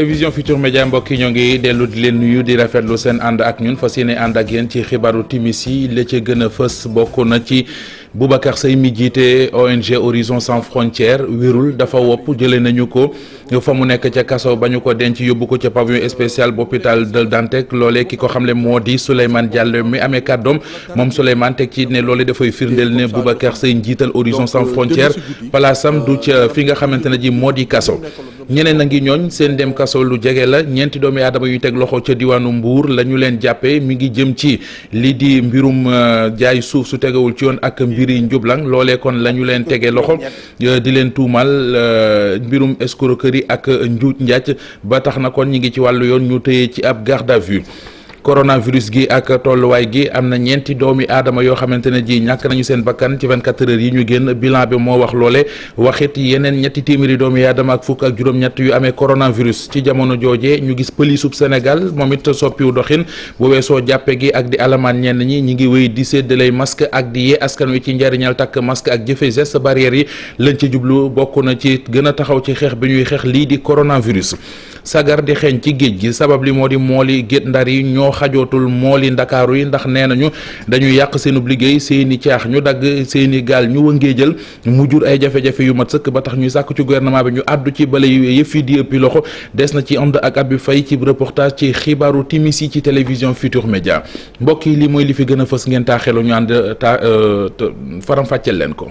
télévision Futur Média mbokk yi ñoo ngi dellu di leen nuyu di rafetlu seen ànd ak ñun fas yéene ànd ak yéen ci xibaaru timis yi la ca gën a fës bokk na ci. Boubacar Seye mi jiite ONG Horizon Sans Frontières wiirul dafa wopp jëlee nañu ko fa mu nekk ca kaso ba ñu ko denc yóbbu ko ca pavillon spécial bu hôpital de Dantec loole ki ko xamle moo di Souleymane Diallo mi amee kàddoom moom Souleymane teg ci ne loolee dafay firndeel ne Boubacar Seye njiital Horizon Sans euh, Frontières palaasam du ca euh, fi nga xamante ne ji moo di kaso ñeneen a ngi ñooñ seen dem kaso lu jege la ñeenti doomi aadama yu teg loxo ca diwaanu Mbour la ñu leen jàppee mi ngi jëm ci lii di mbirum euh, jaay suuf su tegawul ci yoon ak mbiri njublang loolee kon la ñu leen tege loxo di leen tuumal euh, mbirum escroquerie ak njuuj njaaj ba tax na kon ñi ngi ci wàllu yoon ñu tëye ci ab garde à vue coronavirus gi ak tolluwaay gi am na ñeenti doomi aadama yoo xamante ne ji ñàkk nañu seen bakkan ci 24 heures yi ñu génn bilan bi moo wax loole waxit yeneen ñetti téeméeri doomi aadama ak fukk ak juróom-ñett yu amee coronavirus ci jamono jooje ñu gis pëli sub Sénégal moom it soppiwu doxin bu weesoo jàppe gi ak di alamaan ñenn ñi ñi ngi wéy di séddalay masque ak di yee askan wi ci njariñal takk masque ak jëfe geste barrière yi lañ ci jublu bokk na ci gën a taxaw ci xeex bi ñuy xeex lii di coronavirus sagar di xeeñ ci géej gi sabab li moo di mooli gét ndar yi ñoo xajootul mooli ndakaaru yi ndax nee nañu dañu yàq seenub liggéey seeni caax ñu dagg seeni gaal ñu wëngeejal mu jur ay jafe-jafe yu mat sëkk ba tax ñuy sàkk ci gouvernement bi ñu àddu ci bale yëf yi di ëppi loxo des na ci ànd ak bi fay ci reportage ci xibaaru timis yi ci télévision Futur Média mbokk yi lii mooy li fi gën a fës ngeen taaxelu ñu ànd ta euh, faram fàcceel leen ko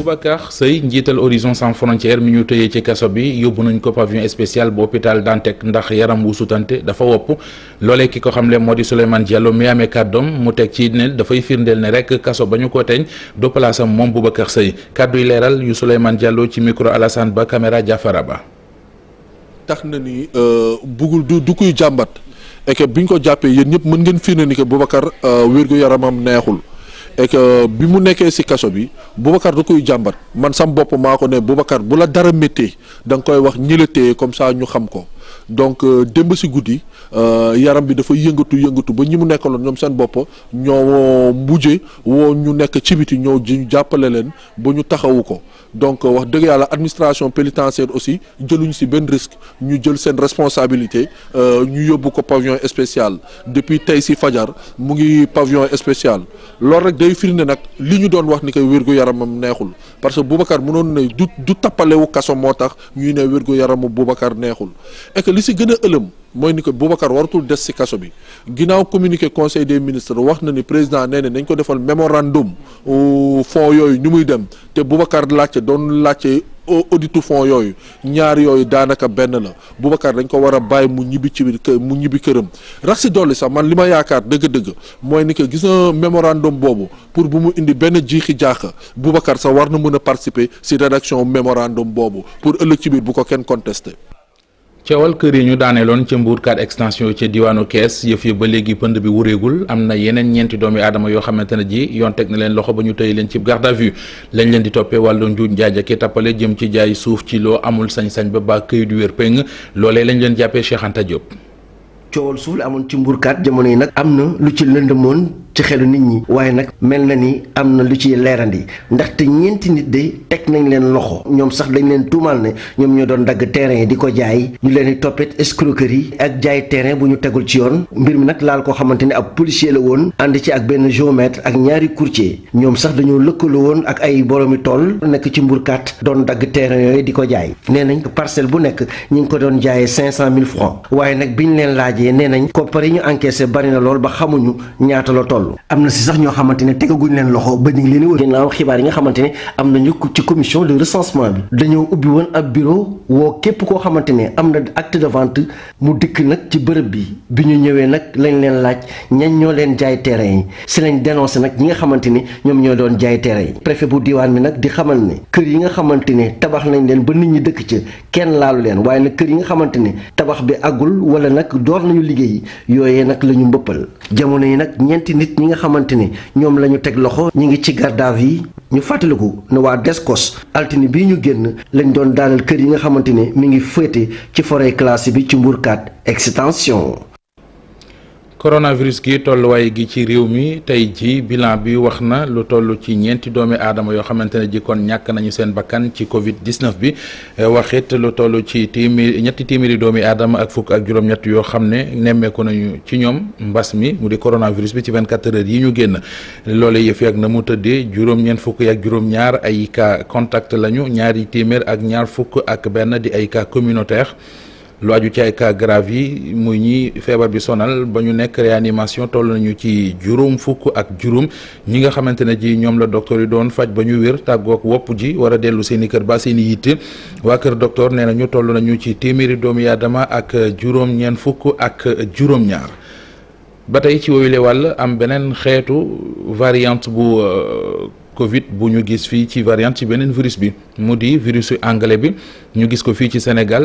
Boubacar Seye njiital Horizon Sans Frontières mi ñu tëyee ci kaso bi yóbbu nañ ko pavillon spécial bu hôpital Dantec ndax yaram wu sutante dafa wopp loolee ki ko xamle moo di Souleymane Diallo mi amee kàddoom mu teg ci ne dafay firndeel ne rek kaso ba ñu ko teñ do palaasam moom Boubacar Seye kàddu yi leeral yu Souleymane Diallo ci micro Alassane Ba caméra Diafara Ba. tax na ni euh, bugul du du kuy jàmbat et que biñ ko jàppee yéen ñëpp mën ngeen firnde ni que Boubacar euh, et que bi mu nekkee si kaso bi Boubacar da kuy jàmbat man sam bopp maa ko ne Boubacar bu la dara méttee danga koy wax ñi comme ça ñu xam ko donc euh, démb si guddi euh, yaram bi dafa yëngatu yëngatu ba ñi mu nekkaloon ñoom seen bopp ñoo mujje woo ñu nekk ci biti ñoo ji jàppale leen ba ñu taxawu ko donc euh, wax dëgg yàlla administration pénitentiaire aussi jëluñ si benn risque ñu jël seen responsabilité ñu yóbbu ko pavillon spécial depuis tey si fajar mu ngi pavillon spécial loolu rek day firnde nag li ñu doon wax ni koy wérgu yaramam neexul parce que Boubacar mënoon ne du du tappalewu kaso moo tax ñuy ne wérgu yaramu Boubacar neexul li si gën a ëlëm mooy ni ko Boubacar waratul des si kaso bi ginnaaw communiqué conseil des ministres wax na ni président nee na nañ ko defal mémorandum fonds yooyu ñu muy dem te Boubacar laajte doon laajte auditu fons yooyu ñaar yooyu daanaka benn la Boubacar dañ ko war a bàyyi mu ñibbi ci mu ñibbi këram rax si dolli sax man li ma yaakaar dëgg-dëgg mooy ni que gis na mémorandum boobu pour bu mu indi benn jiixi jaaxa Boubacar sax war na mën a participer si rédaction mémorandum boobu pour ëllëg ci biir bu ko kenn contesté coowal kër yi ñu daaneeloon ca Mbour 4 extension ca diwaanu Kees yëf yi ba léegi pënd bi wuréegul am na yeneen ñeenti doomi aadama yoo xamante ne ji yoon teg na leen loxo ba ñu tëye leen ci garde à vue lañ leen di toppee wàllu njuuj njaaj ak tappale jëm ci jaay suuf ci loo amul sañ-sañ ba baa këyit wér péng loolee lañ leen jàppee Cheikh Anta Diop coowal suuf la amoon ci Mbour 4 jamono yi nag am na lu ci lëndëmoon ci xelu nit ñi waaye nag mel na ni am na lu ciy leerandi ndaxte ñeenti nit de teg nañ leen loxo ñoom sax dañ leen tuumaal ne ñoom ñoo doon dagg terrain yi di ko jaay ñu leen di toppit escroquerie ak jaay teren bu ñu tegul ci yoon mbir mi nag laal koo xamante ni ab policier la woon ànd ci ak benn géomètre ak ñaari courtier ñoom sax dañoo lëkkaloo woon ak ay boroomi tool nekk ci mburkaat doon dagg terrain yooyu di ko jaay nee nañ parcelle bu nekk ñu ngi ko doon jaayee cinq cent mille francs waaye nag biñ leen laajee nee nañ koppar yi ñu encaissé bari na lool ba xamuñu ñaata la toll toll. am na si sax ñoo xamante ne tegaguñ leen loxo ba ñu ngi leen wër. ginnaaw xibaar yi nga xamante ne am na nañu ci commission de recensement bi. dañoo ubbi woon ab bureau woo képp koo xamante ne am na acte de vente mu dikk nag ci bërëb bi bi ñu ñëwee nag lañ leen laaj ñañ ñoo leen jaay terrain yi si lañ dénoncé nag ñi nga xamante ni ñoom ñoo doon jaay terrain yi. préfet bu diwaan bi nag di xamal ne kër yi nga xamante ne tabax nañ leen ba nit ñi dëkk ca kenn laalu leen waaye nag kër yi nga xamante ne tabax bi àggul wala nag door nañu liggéey yooyee nag la ñu jamono yi nag ñeenti nit ñi nga xamante ne ñoom la ñu teg loxo ñi ngi ci garde yi ñu fàttaliku ne waa Descos altine bii ñu génn lañ doon daanal kër yi nga xamante ne mi ngi féete ci forêt classée bi ci Mbourkat extension coronavirus gi tolluwaay gi ci réew mi tey ji bilan bi wax na lu toll ci ñeenti doomi aadama yoo xamante ne ji kon ñàkk nañu seen bakkan ci Covid 19 bi eh, waxit lu toll ci téeméer ñetti téeméeri doomi aadama ak fukk ak juróom-ñett yoo xam ne nemmeeku nañu ci ñoom mbas mi mu di coronavirus bi ci 24 heures yi ñu génn loolee yëf yàgg na mu tëddee juróom-ñeent fukk ak juróom-ñaar ay cas contact lañu ñaari téeméer ak ñaar fukk ak benn di ay cas communautaire lu aju ci ay grave yi muy ñi feebar bi sonal ba ñu nekk réanimation toll nañu ci juróom fukk ak juróom ñi nga xamante ne ji ñoom la docteur yi doon faj ba ñu wér tàggoog wopp ji war dellu seen i kër ba seen i waa kër docteur nee na ñu toll nañu ci téeméeri doomu aadama ak juróom ñeen fukk ak juróom-ñaar ba tey ci woyule wàll am beneen xeetu variante bu euh, Covid bu ñu gis fii ci variante ci beneen virus bi mu di virus anglais bi ñu gis ko fii ci Sénégal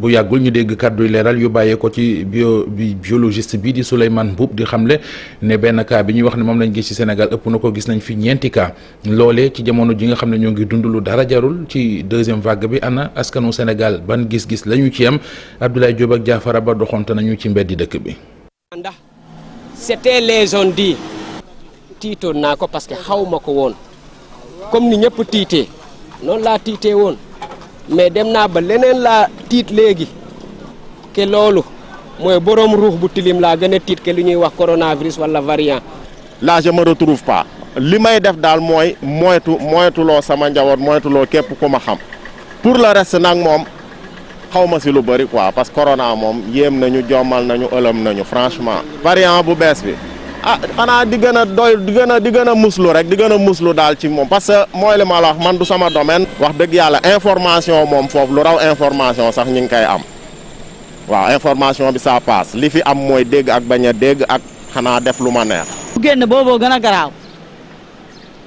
bu yàggul ñu dégg kàddu leeral yu bàyyee ko ci bio bi biologiste bi di Souleymane Mbuub di xamle ne benn cas bi ñuy wax ne moom lañ gis ci senegal ëpp na ko gis nañ fi ñeenti cas loole ci jamono ji nga xam ne ñoo ngi dund lu dara jarul ci deuxième vague bi ànna askanu Sénégal ban gis-gis la ñu ci am Abdoulaye Diop ak jaafara Ba doxante nañu ci mbeddi dëkk bi. tiitoon naa ko parce que xaw ma ko woon comme ni ñëpp tiitee noonu laa tiitee woon mais dem naa ba leneen laa tiit léegi ke loolu mooy boroom ruux bu tilim laa gën a tiit ke li ñuy wax coronavirus wala variant là je me retrouve pas li may def daal mooy moytu moytuloo sama njaboot moytuloo képp ko ma xam pour le reste nag moom xaw ma si lu bëri quoi parce que corona moom yéem nañu jommal nañu ëlëm nañu franchement variant bu bi ah xanaa di gën a doy gën a di gën a muslu rek di gën a muslu daal ci moom parce que mooy li ma man du sama domaine wax dëgg yàlla information moom foofu lu raw information sax ñu ngi koy am waaw information bi ça passe li fi am mooy dégg ak bañ dégg ak xanaa def lu maneer neex. bu booboo gën a garaaw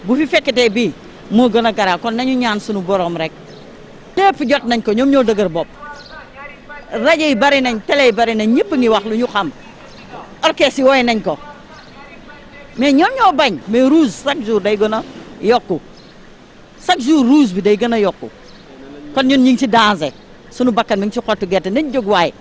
bu fi fekketee bi moo gën a garaaw kon nañu ñaan suñu borom rek lépp jot nañ ko ñoom ñoo dëgër bop rajo yi bari nañ télé yi bari nañ ñëpp ngi wax lu ñu xam orchestre yi woy nañ ko. mais ñoom ñoo bañ mais rouge chaque jour day gën a yokku chaque jour rouge bi day gën a yokku kon ñun ñu ngi ci danger sunu bakkan mi ngi ci xottu gerte nañ jóg waaye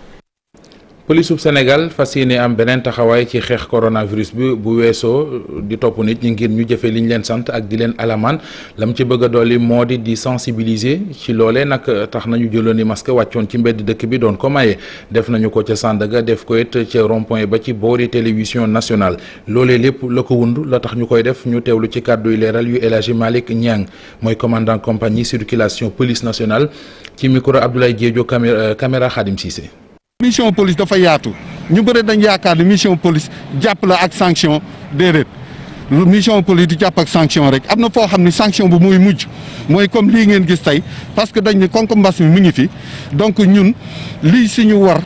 polisu Sénégal fas yéene am beneen taxawaay ci xeex coronavirus bi bu weesoo di topp nit ñi ngir ñu jëfee li ñu leen sant ak di leen alamaan lam ci bëgg a dolli moo di di sensibiliser ci loolee nag tax nañu jëloon ni masque wàccoon ci mbedd dëkk bi doon ko maye def nañu ko ca Sandaga def ko it ca rond ba ci boori télévision nationale loole lépp la ko wund la tax ñu koy def ñu teewlu ci kàddu yu leeral yu El Hadji Malick Niang mooy commandant compagnie circulation police nationale ci micro Abdoulaye Diédio caméra Khadim Cissé mission police dafa yaatu ñu bëri dañ yaakaar ne mission police jàpp la ak sanction déedéet mission police di jàpp ak sanction rek am na foo xam ne sanction bu muy mujj mooy comme lii ngeen gis tey parce que dañ ne kon mbas mi mu ngi fi donc ñun lii suñu war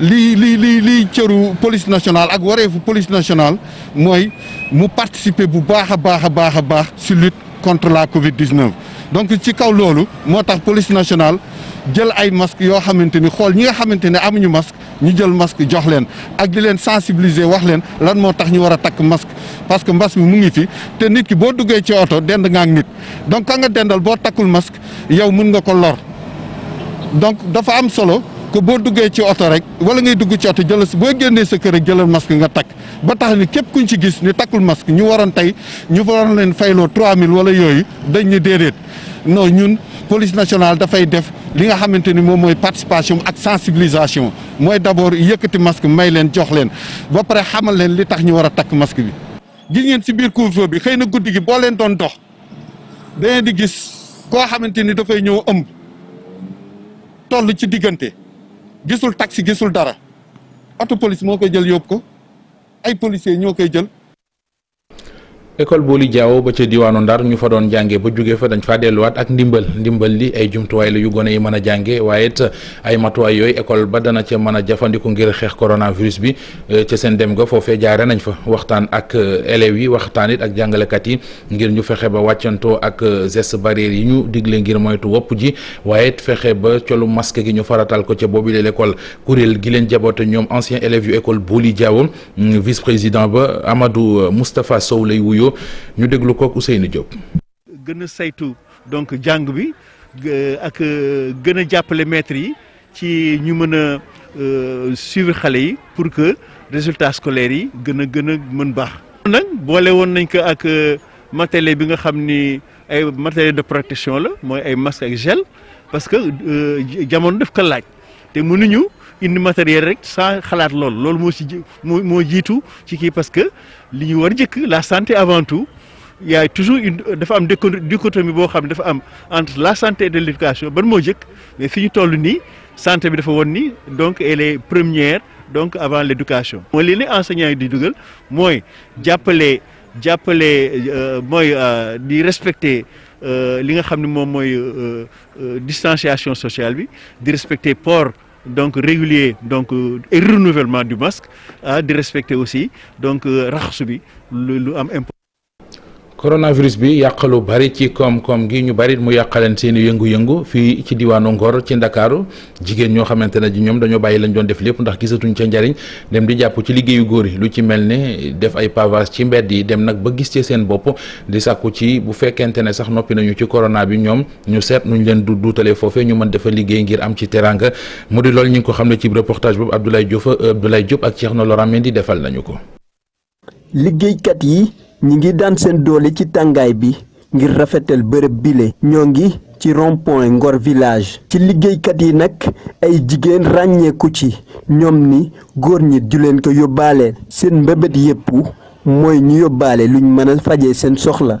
lii lii lii lii cëru police nationale ak wareefu police nationale mooy mu participer bu baax a baax a baax a baax si lutte contre la Covid 19. donc ci kaw loolu moo tax police nationale. jël ay masque yoo xamante ni xool ñi nga xamante ne amuñu masque ñu jël masque jox leen ak di leen sensibiliser wax leen lan moo tax ñu war a takk masque parce que mbas mi mu ngi fi te nit ki boo duggee ci oto dend nga ak nit donc ka nga dendal boo takkul masque yow mun nga ko lor donc dafa am solo. que boo duggee ci oto rek wala ngay dugg ci oto jëlal boo génnee sa kër rek jëlal masque nga takk ba tax ni képp ku ñu ci gis ni takkul masque ñu waroon tey ñu waroon leen fayloo 3000 wala yooyu dañ ñu déedéet non ñun police nationale dafay def li nga xamante ni moom mooy participation ak sensibilisation mooy d'abord yëkkati masque may leen jox leen ba pare xamal leen li tax ñu war a takk masque bi. gis ngeen si biir couvre bi xëy na guddi gi boo leen doon dox da di gis koo xamante ni dafay ñëw ëmb toll ci diggante. gisul taxi gisul dara auto police moo koy jël yóbbu ko ay policiers ñoo koy jël école booli jaawo ba ca diwaanu ndar ñu fa doon jànge ba jóge fa dañ faa delluwaat ak ndimbal ndimbal li ay jumtuwaay la yu gone yi mën a jànge waaye ay matuwaay yooyu école ba dana ca mën a jafandiku ngir xeex coronavirus bi eh, ca seen dem ga foofee jaare nañ fa waxtaan ak eh, élèves yi waxtaan it ak jàngalekat yi ngir ñu fexe ba wàccantoo ak eh, geste barrière yi ñu digle ngir moytu wopp ji waaye fexe ba colu masque gi ñu faratal ko ca boobu l' école kuréel gi leen ñoom ancien élèves école booli jaawo mm, vice président ba Amadou Moustapha Sow lay wuyoo Diallo ñu déglu kook Ousseynou Diop. gën a saytu donc jàng bi ak euh, gën a jàppale maître yi ci ñu mën a euh, suivre xale yi pour que résultats scolaires yi gën a gën a mën baax. nag boole woon nañ ko ak euh, matériel bi nga xam ni ay matériel de protection la mooy ay masque ak gel parce que jamono def ko laaj te mënuñu. indi matériel rek san xalaat lool loolu moo si moo moo jiitu ci kii parce que li ñu war njëkk la santé avant tout yaay toujours une dafa am dichotomie boo xam ne dafa am entre la santé et de l'éducation ban moo jëkk mais fi ñu toll nii santé bi dafa woon nii donc elle est première donc avant l'éducation mooy li ne enseignant di dugal mooy jàppale jàppale euh, mooy euh, di respecter euh, li nga xam ne moom mooy distanciation sociale bi di respecter port donc régulier donc euh, et renouvellement du masque ah di respecter aussi donc euh, raxasu bi lu am coronavirus bi yàq lu bari ci koom-koom gi ñu bari mu yàqaleen seen i yëngu-yëngu fii ci diwaanu Ngor ci Ndakaaru jigéen ñoo xamante ne ji ñoom dañoo bàyyi lañ doon def lépp ndax gisatuñ ca njariñ dem di jàpp ci liggéeyu góor yi lu ci mel ne def ay pavage ci mbedd yi dem nag ba gis ci seen bopp di sàkku ci bu fekkente ne sax noppi nañu ci corona bi ñoom ñu seet nuñ leen du duutalee foofee ñu mën dafa liggéey ngir am ci teranga mu di loolu ñu ko xam ne ci reportage boobu Abdoulaye Diop Abdoulaye Diop ak Thierno Laurent Mendy defal nañu ko liggéeykat ñi ngi daan seen doole ci tàngaay bi ngir rafetal bërëb bile ñoo ngi ci rond-point Ngor village ci liggéeykat yi nag ay jigéen ràññeeku ci ñoom ni góor ñi du leen ko yóbbaale seen mbëbët yépp mooy ñu yóbbaale luñ mën a fajee seen soxla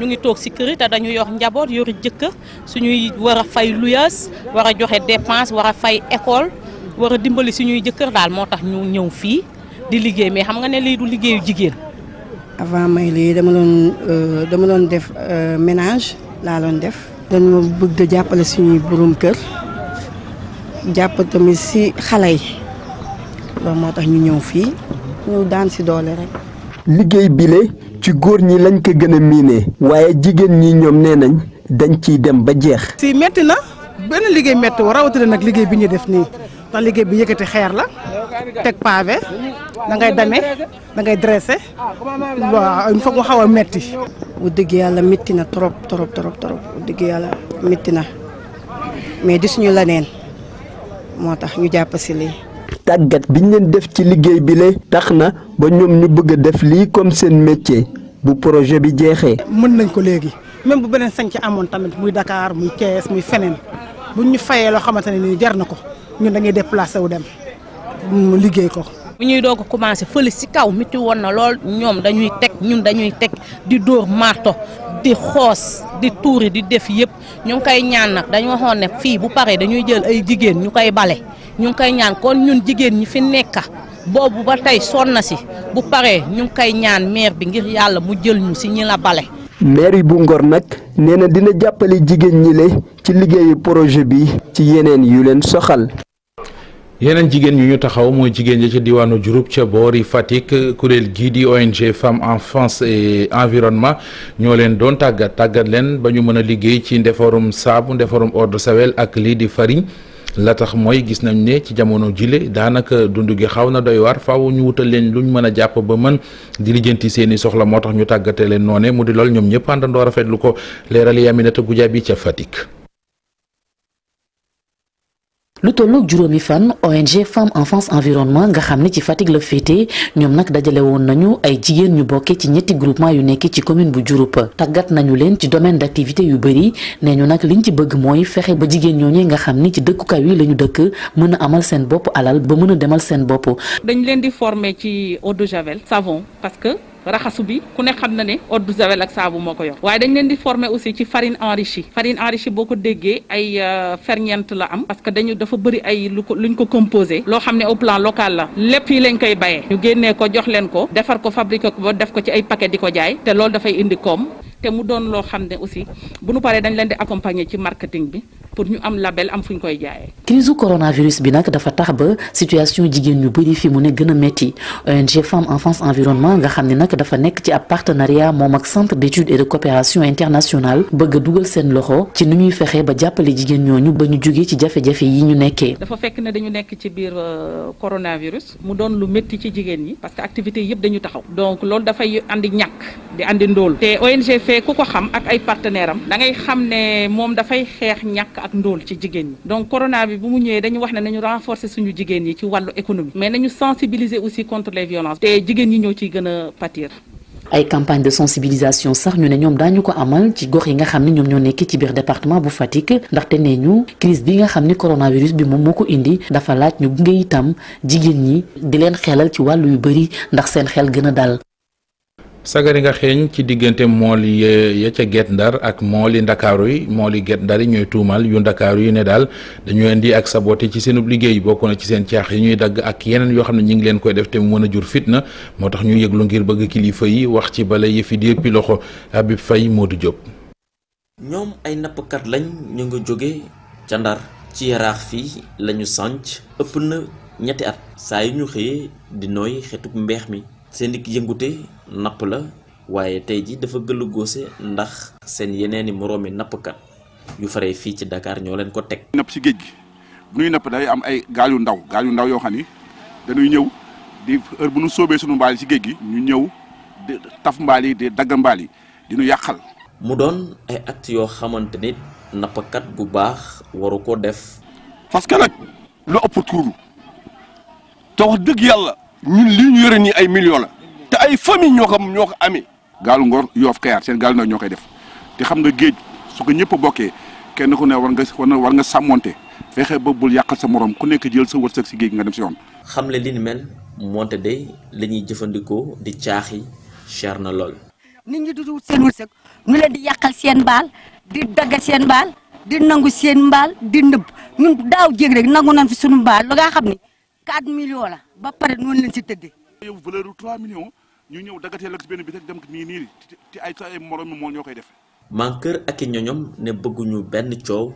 ñu ngi toog ci kër te dañu yor njaboot yoru jëkkër suñuy war a fay luyaas war a joxe dépense war a fay école war dimbali suñuy jëkkër daal moo tax ñu ñëw fii di liggéey mais xam nga ne lii du liggéeyu jigéen avant may lii dama doon euh, dama doon def euh, ménage laa doon def. dañoo bëgg jàppale suñuy borom kër jàpp tamit si xale yi loolu moo tax ñu ñëw fii ñu daan si doole rek. liggéey bile ci góor ñi lañ ko gën a miine waaye jigéen ñi ñoom nee nañ dañ ciy dem ba jeex. ci metti na benn liggéey metti wa rawatina nag liggéey bi ñu def nii. te liggéey bi yëkkati xeer la teg pavé da ngay dame da ngay dressé waaw il faut mu xaw a metti mu dëgg yàlla métti na trop trop trop trop bu dëgg yàlla métti na mais di suñu laneen moo tax ñu jàpp si lii tàggat biñ leen def ci liggéey bi le tax na ba ñoom ñu bëgg a def lii comme seen métier bu projet bi jeexee mën nañ ko léegi même bu beneen sañ ci amoon tamit muy Dakar muy Thiès muy feneen buñ ñu fayee loo xamante ni nii jar na ko ñun dañuy déplacé wu dem liggéey ko. bu ñuy doog a commencé fële si kaw miti woon na lool ñoom dañuy teg ñun dañuy teg di dóor marto di xoos di tuuri di def yëpp ñu ngi koy ñaan nag dañu waxoon ne fii bu paree dañuy jël ay jigéen ñu koy bale ñu ngi koy ñaan kon ñun jigéen ñi fi nekka boobu ba tey sonn na si bu paree ñu ngi koy ñaan meer bi ngir yàlla mu jël ñu si ñi la bale. maire bu Ngor nag nee na dina jàppale jigéen ñi le ci liggéeyu projet bi ci yeneen yu leen soxal. yeneen jigéen yu ñu taxaw mooy jigéen ja ca diwaanu Diouroup ca boori Fatick kuréel gii di ONG Femmes en et Environnement ñoo leen doon tàggat tàggat leen ba ñu mën a liggéey ci ndefarum saabu ndefarum eau de ak lii di fariñ la tax mooy gis nañ ne ci jamono jile daanaka dund gi xaw na doy war faw ñu wutal leen luñ mën a jàpp ba mën di lijjanti seen i soxla moo tax ñu tàggate leen noone mu di lool ñoom ñëpp àndandoo rafetlu ko leeral yi Aminata Goudiaby ca Fatick. lu tolloog juróomi fan ONG Femmes Enfance Environnement nga xam ne ci Fatick la féete ñoom nag dajale woon nañu ay jigéen ñu bokkee ci ñetti groupement yu nekk ci commune bu Diouroup tàggat nañu leen ci domaine d'activité yu bëri nee ñu nag liñ ci bëgg mooy fexe ba jigéen ñooñu nga xam ni ci dëkkukaay yi lañu dëkk mën a amal seen bopp alal ba mën a demal seen bopp. dañ leen di former ci eau de javel savon parce que. raxasu bi ku ne xam na ne eau javel ak saabu moo ko yor waaye dañ leen di former aussi ci farine enrichie farine enrichie boo ko déggee ay euh, ferñeent la am parce que dañu dafa bëri ay lu ko luñ ko composé loo xam ne au plan local la lépp fii lañ koy bayee ñu génne ko jox leen ko defar ko fabriquer ko ba def ko ci ay paquet di ko jaay te loolu dafay indi koom te mu doon loo xam ne aussi bu nu paree dañ leen di accompagner ci marketing bi pour ñu am label am fu ñu koy jaayee. crise coronavirus bi nag dafa tax ba situation jigéen ñu bëri fi mu ne gën a métti ONG Femmes Enfance Environnement nga xam ne nag dafa nekk ci ab partenariat moom ak centre d'études coopération internationale bëgg dugal seen loxo ci nu ñuy fexe ba jàppale jigéen ñooñu ba ñu jógee ci jafe-jafe yi ñu nekkee. dafa fekk ne dañu nekk ci biir euh, coronavirus mu doon lu métti ci jigéen ñi parce que activités yëpp dañu taxaw donc loolu dafay indi ñàkk di andi ndóol te ONG defee ku ko xam ak ay partenaire am da ngay xam ne moom dafay xeex ñàkk ak ndool ci jigéen ñi donc corona bi bu mu ñëwee dañu wax ne nañu renforcer suñu jigéen ñi ci wàllu économie mais nañu sensibiliser aussi contre les violences te jigéen ñi ñoo ciy gën a pâtir ay campagne de sensibilisation sax ñu ne ñoom daañu ko amal ci gox yi nga xam ne ñoom ñoo nekk ci biir département bu Fatick ndaxte nee ñu crise bi nga xam ne coronavirus bi moom moo ko indi dafa laaj ñu gunge itam jigéen ñi di leen xelal ci wàllu yu bëri ndax seen gën a dal sagari nga xeeñ ci diggante mool yi ya ca Guet Ndar ak mool yi ndakaaru yi mool yi Guet Ndar yi ñooy tuumal yu ndakaaru yi ne daal dañoo indi ak sa saboté ci seenub liggéey bokk na ci seen caax yi ñuy dagg ak yeneen yoo xam ne ñi ngi leen koy def te mu mën a jur fitna moo tax ñu yëglu ngir bëgg kilifa yi wax ci bala yëfi déppi loxo Habib Faye Modou Diop. ñoom ay nappkat lañ ñu nga jóge ca Ndar ci yaraax fii lañu sànc ëpp na ñetti at saa yu ñu xëyee di nooy xetuk mbeex mi seen i yëngute napp la waaye tey ji dafa gëllu goose ndax seen yeneeni moroomi nappkat yu faree fii ci dakaar ñoo leen ko teg. napp ci géej gi bu ñuy napp day am ay gaal yu ndaw gaal yu ndaw yoo xam ni dañuy ñëw di heure bu nu soobee sunu mbaal yi si géej gi ñu ñëw di taf mbaal yi di dagg mbaal yi di yàqal. mu doon ay actes yoo xamante ni nappkat bu baax waru ko def. parce que nag lu ëpp tuuru te wax dëgg yàlla. ñun li ñu yore nii ay million la te ay famille ñoo ko ñoo ko amee. gaalu Ngor Yoof Kayaar seen gaal ñoo koy def te xam nga géej su ko ñëpp bokkee kenn ku ne war nga war nga sàmmonte fexe ba bul yàqal sa moroom ku nekk jël sa wërsëg si géej nga dem si yoon. xam le li ni mel moonte de lañuy jëfandikoo di caaxi cher na lool. nit ñi dudul seen wërsëg ñu leen di yàqal seen baal di dagg seen baal di nangu seen mbaal di nëbb ñun daaw jéeg rek nangu nañ fi suñu mbaal lu nga xam ni 4 millions ba pare noonu lañ si tëddee. yow valeur bu 3 ñu ñëw dagatee ak benn bi rek dem nii nii ci ay ay morom moo ñoo koy def. kër ak i ñoñom ne bëgguñu benn coow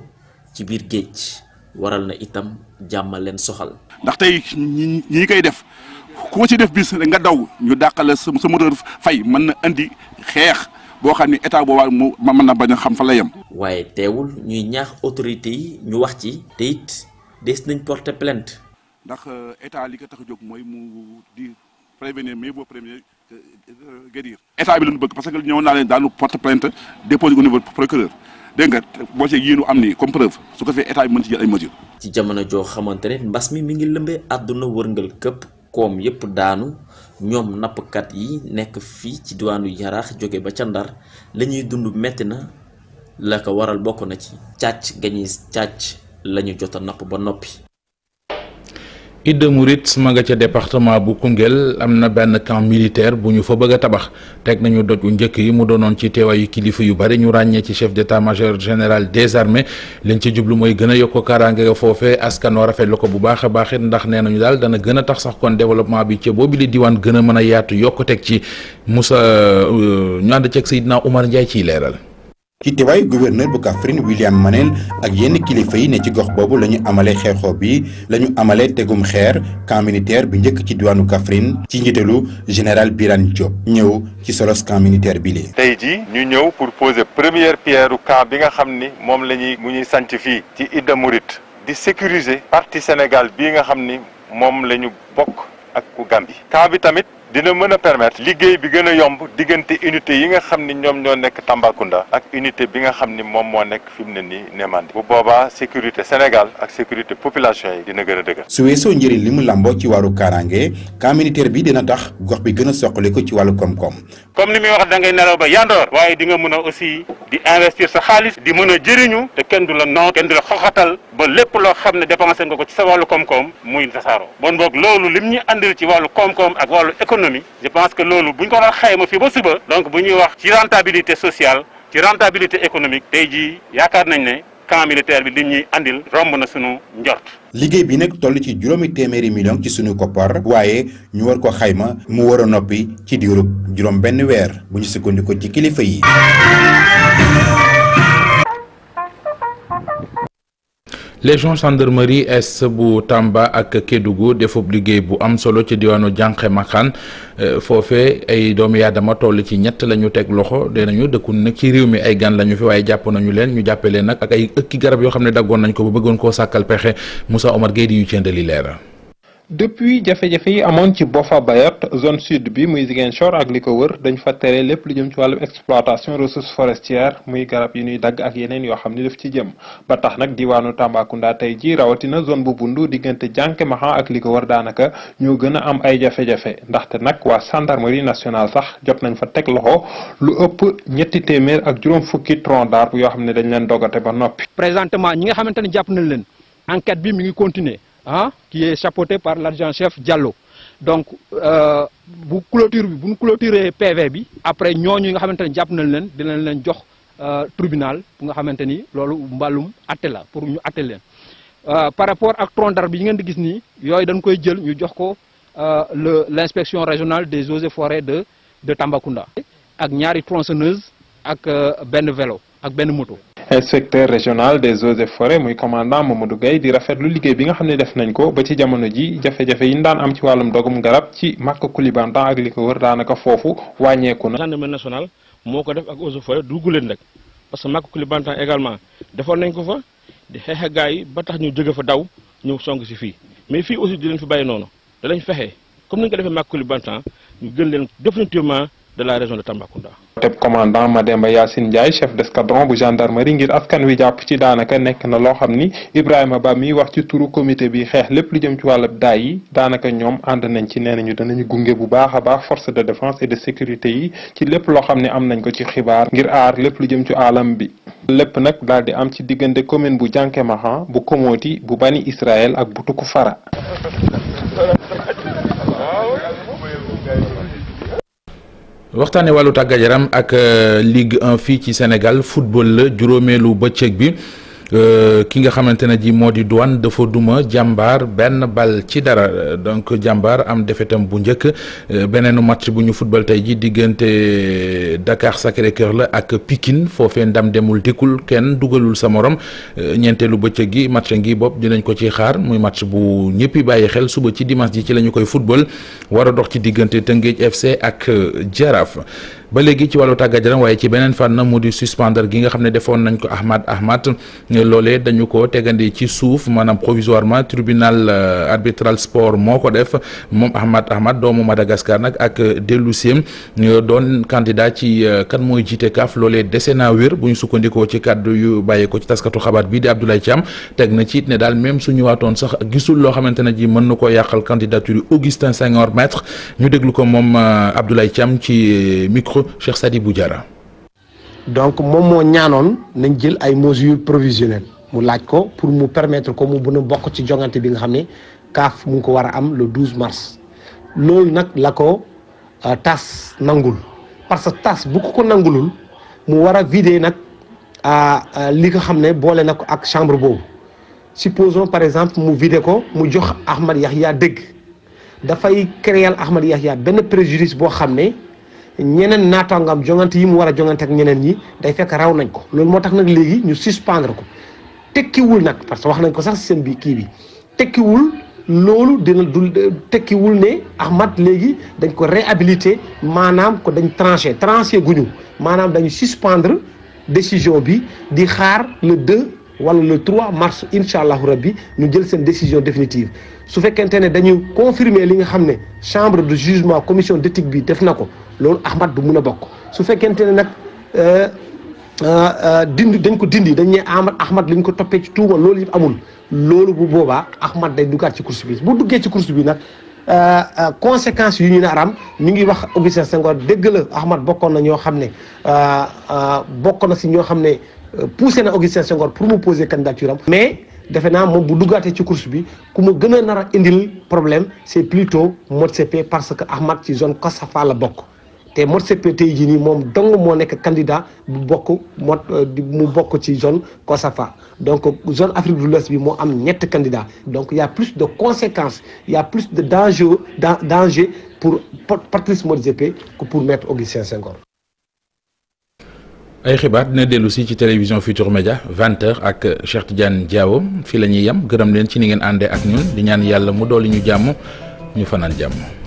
ci biir géej waral na itam jàmm leen soxal. ndax tey ñi ñi koy def ku ci def bis nga daw ñu dàqale sa sa moteur fay mën na indi xeex. boo xam ni état boobaa ma mën na bañ a xam fa la yem. waaye teewul ñuy ñaax autorité yi ñu wax ci te des nañ porter plainte. ndax euh, état li ko tax a jóg mooy mu di prévenir mais boo prévenir euh, guérir état bi la bëgg parce que ñëw naa leen daanu porte plainte déposé au niveau procureur dégg nga boo see yéenu am ni comme preuve su ko fee état bi mën ci ay mesures. ci jamono joo xamante ne mbas mi mi ngi lëmbee àdduna wërngal këpp koom yépp daanu ñoom nappkat yi nekk fii ci diwaanu yaraax jóge ba ca ndar la ñuy dund metti na la ko waral bokk na ci càcc gañuy càcc la ñu jot a napp ba noppi. Idda Mouride ma nga ca département bu Koungheul am na benn camp militaire bu ñu fa bëgg a tabax teg nañu doj u njëkk yi mu doonoon ci teewaayu kilifa yu bëri ñu ràññee ci chef d'état-major général des armées liñ jublu mooy gën a yokk kaaraange ga foofee askan wa rafetlu ko bu baax a baax ndax nee nañu daal dana gën a tax sax kon développement bi ca boobu li diwaan gën a mën a yaatu yokk teg ci Moussa euh, ñu ànd ceeg Seydina Oumar Ndiaye ciy leeral. ci teewaayu gouverneur bu Kaffrine William Manel ak yenn kilifa yi ne ci gox boobu la ñu amalee xeexoo bi la ñu amalee tegum xeer camp militaire bi njëkk ci diwaanu kafrin ci njiitalu général Birane Diop ñëw ci solos camp militaire bi lii. tey jii ñu ñëw pour poser première pierre camp bi nga xam ni moom la ñuy mu ñuy sanc fii ci Idda Mouride di sécuriser parti Sénégal bii nga xam ni moom la ñu bokk ak ku Gambie bi tamit. dina mën a permettre liggéey bi gën a yomb diggante unité yi nga xam ni ñoom ñoo nekk Tambacounda ak unité bi nga xam ni moom moo nekk fi mu ne nii Némandi bu boobaa sécurité Sénégal ak sécurité population yi dina gën a dëgër. su weesoo njëriñ li mu làmboo ci wàllu kaaraange camp militaire bi dina tax gox bi gën a soqali ko ci wàllu koom-koom. comme ni muy wax da ngay nelaw ba yandoor waaye di nga mën a aussi di investir sa xaalis di mën a jëriñu te kenn du la noot kenn du la ba lépp loo xam ne dépensé nga ko ci sa wàllu koom-koom muy tasaaroo bon boog économie je pense que loolu bu ñu ko doon xayma fii ba suba donc bu ñuy wax ci rentabilité sociale ci rentabilité économique tey jii yaakaar nañ ne camp militaire bi li ñuy andil romb na sunu njor liggéey bi nag toll ci juróomi téeméeri million ci sunu koppar waaye ñu war ko xayma mu war a noppi ci diirub juróom benn weer bu ñu sukkandiku ci kilifa yi. légion gendarmerie est bu Tamba ak Kédougou defub liggéey bu am solo ci diwaanu Jànqe Maxaan euh, foofe ay doomi aadama toll ci ñett la ñu teg loxo dee nañu dëkkun nag ci réew mi ay gan la ñu fi waaye jàpp nañu leen ñu jàppe leen nag ak ay ëkki garab yoo xam ne daggoon nañ ko ba bëggoon koo sàkkal pexe Moussa Omar Gueye di ñu cëndali leera depuis jafe-jafe yi amoon ci bofa Bayotte zone sud bi muy Ziguinchor ak li ko wër dañ fa tere lépp lu jëm ci wàllu exploitation ressource forestière muy garab yi ñuy dagg ak yeneen yoo xam ni daf ci jëm ba tax nag diwaanu Tambacounda tey ji rawatina zone bu bundu diggante jànke maxa ak li ko wër daanaka ñoo gën a am ay jafe-jafe ndaxte nag waa gendarmerie national sax jot nañ fa teg loxo lu ëpp ñetti téeméer ak juróom fukki tronc d'arbre yoo xam ne dañ leen dogate ba noppi. présentement ñi nga xamante ne jàpp nañ leen enquête bi mi ngi continuer ah qui est chapeauté par l'adjudant-chef jallo donc euh, bu clôture bi bu ñu clôturé PV bi après ñoo ñooñu nga xamante ne jàpp nañ leen dinañ leen jox euh, tribunal bu nga xamante ni loolu mbalum atte la pour ñu atte leen euh, par rapport ak tronc bi yi ngeen di gis nii yooyu dañ koy jël ñu jox ko le l'inspection régionale des eaux et de de Tambacounda. ak ñaari tronçonneuse ak benn velo ak benn moto. inspecteur régional des eaux et forêts muy commandant Mamadou Gueye di rafetlu liggéey bi nga xam ne def nañ ko ba ci jamono ji jafe-jafe yi ñu daan am ci wàllum dogum garab ci Maka Koulibantang ak daanaka foofu wàññeeku na. gendarmerie nationale moo ko def ak eaux et forêts du guleen parce que Maka Koulibantang également defoon nañ ko fa di xeex gaa ba tax ñu jóge fa daw ñëw song si fii mais fii aussi di leen fi bàyyi noonu danañ de la région de Tambacounda. teb commandant Mademba Yacine Ndiaye chef d'escadron bu gendarmerie ngir askan wi jàpp ci daanaka nekk na loo xam ni Ibrahima Ba mi wax ci turu comité bi xeex lépp lu jëm ci wàllub daay yi daanaka ñoom ànd nañ ci nee ñu danañu gunge bu baax a baax force de défense et de sécurité yi ci lépp loo xam ne am nañ ko ci xibaar ngir aar lépp lu jëm ci alam bi. lépp nag daal di am ci diggante commune bu Diankémahan bu Komoti bu Bani Israël ak bu Tukufara. waxtaane wàllu tàggajaram ak euh, Ligue 1 fii ci Sénégal football la juróomeelu bëccëg bi Euh, ki nga xamante ne ji moo di douane dafa duma jàmbaar benn bal ci dara donc jàmbaar am defetam bu njëkk euh, beneenu match bu ñu football tey ji diggante Dakar Sacré-Cœur la ak Pikine foofe ndam demul dikkul kenn dugalul sa morom euh, ñeenteelu bëccëg gi match ngi bopp dinañ ko ci xaar muy match bu ñëppi bàyyi xel suba ci dimanche ji ci la ñu koy football wara dox ci diggante Tëngéej FC ak Jaraaf. ba léegi ci wàllu tàggat yaram waaye ci beneen fànn mu di suspendre gi nga xam ne defoon nañ ko Ahmad Ahmad loolee dañu ko tegandi ci suuf maanaam provisoirement tribunal euh, arbitral sport moo ko def moom Ahmad Ahmad doomu Madagascar nag ak dellu siem euh, doon candidat ci euh, kan mooy jiite kaaf loolee dese naa wér bu ñu sukkandikoo ci kàddu yu bàyyee ko ci taskatu xabaar bii di Abdoulaye Thiam teg na ci it ne daal même suñu waatoon sax gisul loo xamante ne ji mën na ko yàqal candidature Augustin Senghor Maître ñu déglu ko moom Abdoulaye Thiam ci micro sadi bu jara donc moom moo ñaanoon nañ jël ay mesures provisionnelles mu laaj ko pour mu permettre ko mu mën a bokk ci jongante bi nga xam ne kaaf mu ngi ko war a am le 12 mars loolu nag la ko euh, tas nangul parce que tas bu ko ko nangulul mu war a vide nag euh, euh, li nga xam ne boole na ko ak chambre boobu supposons par exemple mu vider ko mu jox Ahmad Yahya dëgg dafay créer Ahmad Yahya benn préjudice boo xam ne ñeneen naataangam jongante yi mu war a jongante ak ñeneen ñi day fekk raw nañ ko loolu moo tax nag léegi ñu suspendre ko tekkiwul nag parce que wax nañ ko sax système bi kii bi tekkiwul loolu dina dul tekkiwul ne Ahmad léegi dañ ko réhabilité maanaam ko dañ tranché tranché guñu maanaam dañu suspendre décision bi di xaar le wala le trois mars incha allahu rabbi ñu jël seen décision définitive su fekkente ne dañu confirmer li nga xam ne chambre de jugement commission d'éthique bi def na ko loolu Ahmad du mun a bokk su fekkente ne nag euh, euh, euh, dindi dañ ko dindi dañ ne Ahmad Ahmad li ko toppee ci tuuma loolu yëpp amul loolu bu boobaa Ahmad day duggaat ci course bi bu duggee ci course bi nag conséquence yu ñu naaram am ñu ngi wax Augustin Senghor dégg la Ahmad bokkoon na ñoo xam ne bokkoon na si ñoo xam ne poussé na Augustin Senghor pour mu poser candidature am mais defe naa moom bu duggaatee ci course bi ku mu gën a nar a indil problème c' est plutôt Motsepe parce que Ahmad ci zone Kosafa la bokk te Motsepe tey jii nii moom dong moo nekk candidat bu bokk mot mu bokk ci zone Kosafa donc zone Afrique de l'Ouest bi mu am ñett candidat donc y' plus de conséquence y' plus de danger danger pour Patrice Motsepe ku pour maître Augustin Senghor ay xibaar dina dellu si ci télévision Futur Média 20h ak Cheikh Tidiane Diawo fii la ñuy yem gërëm leen ci li ngeen àndee ak ñun di ñaan yàlla mu dolli ñu jàmm ñu fanaan jàmm.